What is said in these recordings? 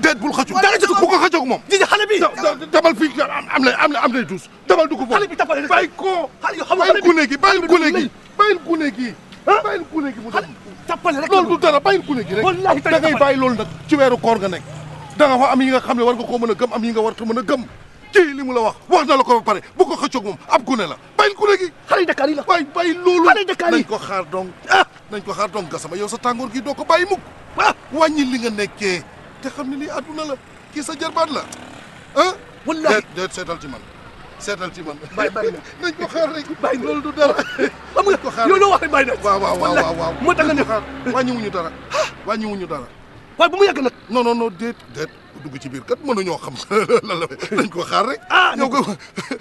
déet bul xëccu dara ko ku moom. di xale bi dabal fii am na am na am na douze. dabal du ko foofu xale bi tapale ko. xale yoo xam rek loolu du dara bàyyi gune gi rek. wallaahi da ngay bàyyi loolu nag ci weeru koor nga nekk. da nga fa am yi nga xam ne war nga koo mën a gëm am yi nga war mën a gëm. kii li la wax wax na la ko ba pare bu ko xëccoog moom ab gune la bàyyi gune gi. xale Dakar yi la bàyyi bàyyi loolu. xale Dakar yi nañ ko xaar donc ah nañ ko xaar donc gasama yow sa tàngoor gi doo ko bàyyi mukk ah wàññi li nga nekkee te xam ne lii àdduna la kii sa jarbaat la ah. wallaahi seetal ci man seetal ci man. bàyyi bàyyi nañ ko xaar rek. bàyyi loolu du dara. xam nga yow loo wax rek bàyyi na. waaw waaw waaw waaw moo tax nga ne xaar wàññiwuñu dara. wàññiwuñu dara. waaye bu mu yàgg nag. non non non déet déet bu dugg ci biir kat mënuñoo xam lan la nañ ko xaar rek. ah yow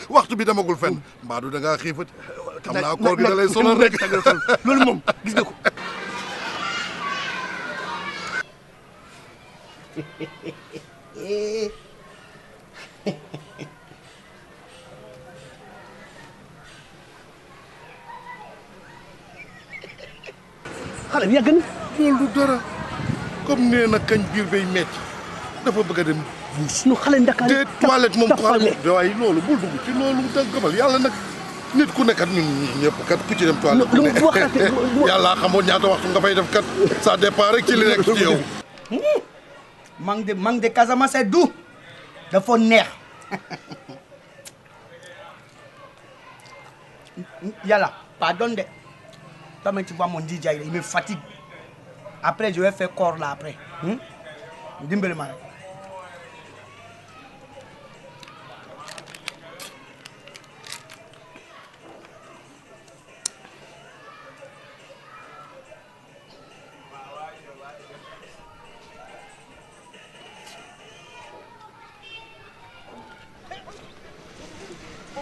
waxtu bi demagul fenn. Mbaa du da ngaa xiifati. xam naa koor gi da lay rek loolu moom gis nga ko. xale bi yàgg na. loolu dara comme nee na kañ biir bay metti dafa bëgg a dem. sunu xale ndakaar yi te toilette moom xale waaye loolu bul dugg ci loolu te gëmal yàlla nag nit ku nekkat ñun ñëpp kat ku ci dem toilette. lu mu waxate yàlla xamoon ñaata waxtu nga fay def kat ça dépend rek ci li nekk manque de manque de c'est doux faut nerf Yalla.. pardon de toi mais tu vois mon DJ il me fatigue après je vais faire corps là après hmm?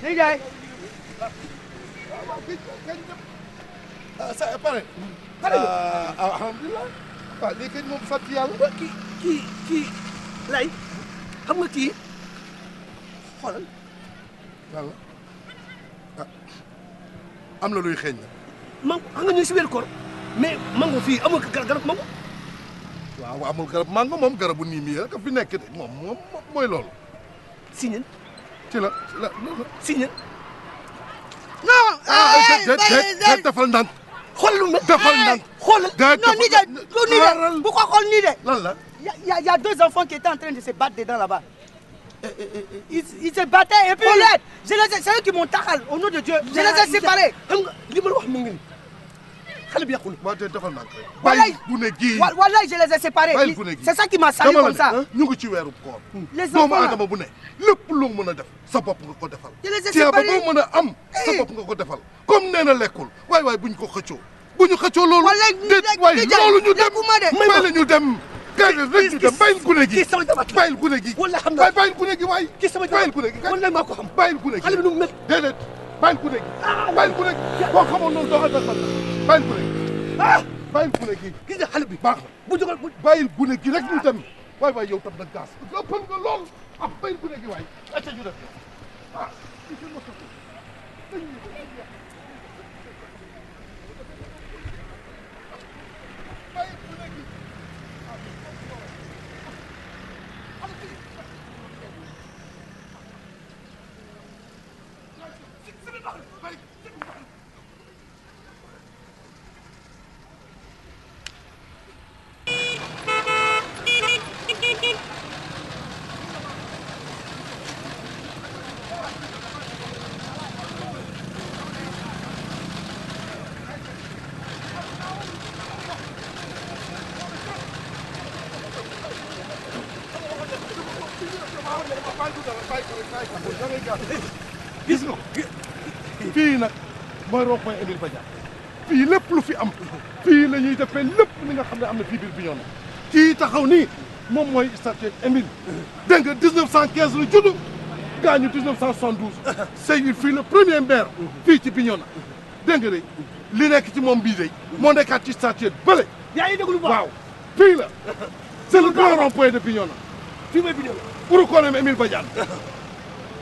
nijaay sa pare pare alhamdulilah waaw lii kay moom sant yàlla lay xam nga kii xoolal walla am na luy xeeñ na mango xam nga si wér koor mais mango fii amul garab mango waaw amul garab mango moom garabu nii mi rek a fi nekk de moom moom mooy loolu si ñen Il non non. non y' a deux enfants qui étaient en train de se battre dedans là-bas. Eh, eh, eh, ils se battaient et puis. c'est eux qui m'ont au nom de Dieu. je les ai séparés. xale bi yàqul. waaw déedéet defal naa ko rek. bàyyi gune gii wallaay je les m'a sali comme ça. ñu ngi ci weeru koor. Hmm. les bu ne lépp loo mën a def sa bopp nga ko defal. je les ai mën a am sa bopp nga ko defal. kom nee na lekkul waay waay buñ ko xëccoo buñu xëccoo loolu. wallaay déet loolu ñu dem may la ñu dem. kii kii kii bàyyil gune gi bàyyil gune gi. wala xam naa bàyyil gune gi waay. kii sama jamono bàyyil gi. wala maa ko xam bàyyil gune gi. xale bi nu mu mel. déedéet bàyyil gi. ah bàyyil gune gi. boo xamoon noonu doo ànd ak bàyyi gune gi. ah bàyyi gune gi. gis nga xale bi baax la bu jógal bu bàyyi gune gi rek ñu dem waay waay yow tam nag gaas ëppal nga lool ah bàyyi gune gi waay gis nga fii nag mooy rond-point Émile fii lépp lu fi am fii la ñuy defee lépp li nga xam ne am na fii biir bi ñoo na kii taxaw nii moom mooy statue Émile dégg nga 1915 la judd gaañu 1972 c'est fii le premier maire fii ci Bignona dégg nga de li nekk ci moom bii de moo nekkaat ci statue bële yaa ngi déglu waaw fii la c'est le grand rond de Bignona fii mooy Bignona pour qu'on aime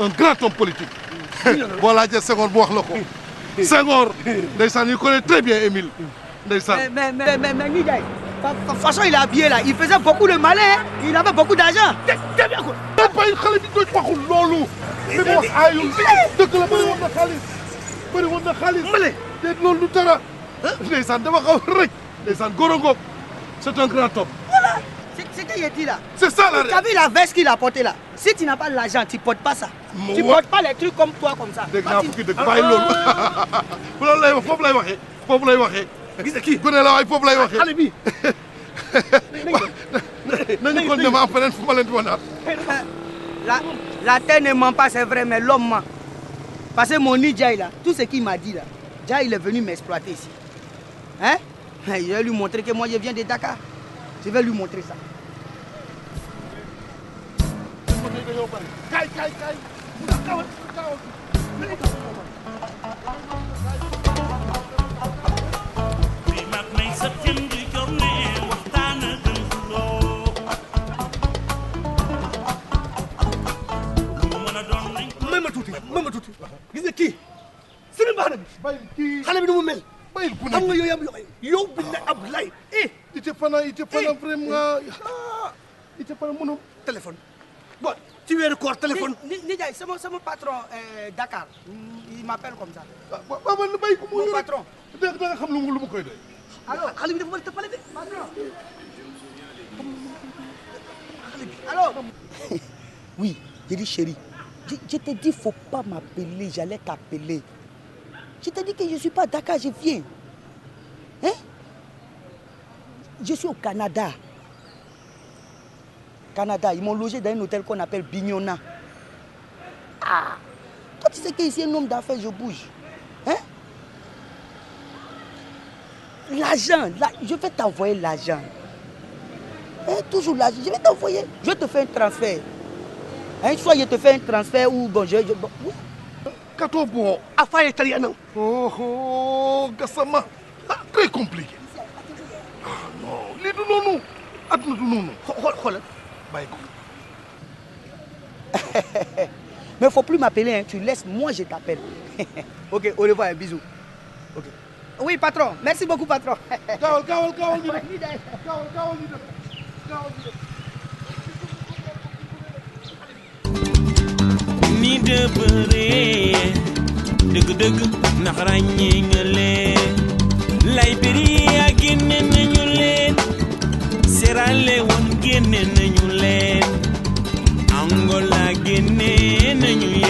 un grand homme politique. boo laajee Senghor bu wax la ko. Senghor Ndeysan, il connaît très bien Émile. Ndeysan. mais mais mais mais Ndiaye. façon il est habillé là il faisait beaucoup de malin hein. il avait beaucoup d'argent. dé déggee ko. mais bàyyi xale bi doj waxul loolu. li mu wax aayul dëgg la bëri woon na xaalis bëri woon na xaalis. mbële te loolu du dara. ndeysaan dama xaw rek. Ndeysan, góorongo c'est un grand homme. voilà c'est ce qu'il dit là. c'est ça la. t'as vu la veste qu'il a portée là. Si tu n'as pas l'argent, tu ne portes pas ça. Tu ne portes pas les trucs comme toi, comme ça. dégg naa fukki dëgg bàyyi loolu. loolu lay wax foofu lay waxee foofu lay waxee. gis nga kii gune la waaye foofu lay je xale bi nañu ko dem am feneen fu ma la la terre ne ment pas, c'est vrai, mais l'homme ment. Parce que mon nid là, tout ce qu'il m'a dit là, Jai il est venu m'exploiter ici. Hein? Je vais lui montrer que moi je viens de Dakar. Je vais lui montrer ça. dañoo bëri kaay kaay kaay mu tax dawal dawal dañu tax may ma tuuti may ma tuuti gis nga kii sëñ bi baax na bi xale bi nu mu mel xam nga yow yaa am yow bi na ab lay eh il était pendant il était pendant eh. vraiment il eh. était ah. pendant mënum téléphone tu veux le téléphone. ni c'est mon sama patron euh, Dakar il m'appelle comme ça. Ah, mon patron alors patron oui j'ai dit chérie je t'ai dit faut pas m'appeler j'allais t'appeler je t'ai dit que je suis pas à Dakar je viens hein je suis au Canada. Canada. Ils m'ont logé dans un hôtel qu'on appelle Bignona. Ah Toi, tu sais qu'ici, un homme d'affaires, je bouge. Hein L'argent, je vais t'envoyer l'argent. Hein, toujours l'argent, je vais t'envoyer. Je vais te faire un transfert. Hein, soit je te fais un transfert ou bon, je. je bon, affaire italienne. Hein. Oh, oh, Gassama. Ah, très compliqué. Oh, non, non, non. non, non, non. Bah, mais faut plus m'appeler, hein. tu laisses, moi je t'appelle. ok, au revoir, un hein, bisou. Ok. Oui, patron, merci beaucoup, patron. Ni de kawol, de kawol, de bëree dëgg-dëgg ndax ràññee nga leen Liberia génne nañu génne nañu leen Angola génne nañu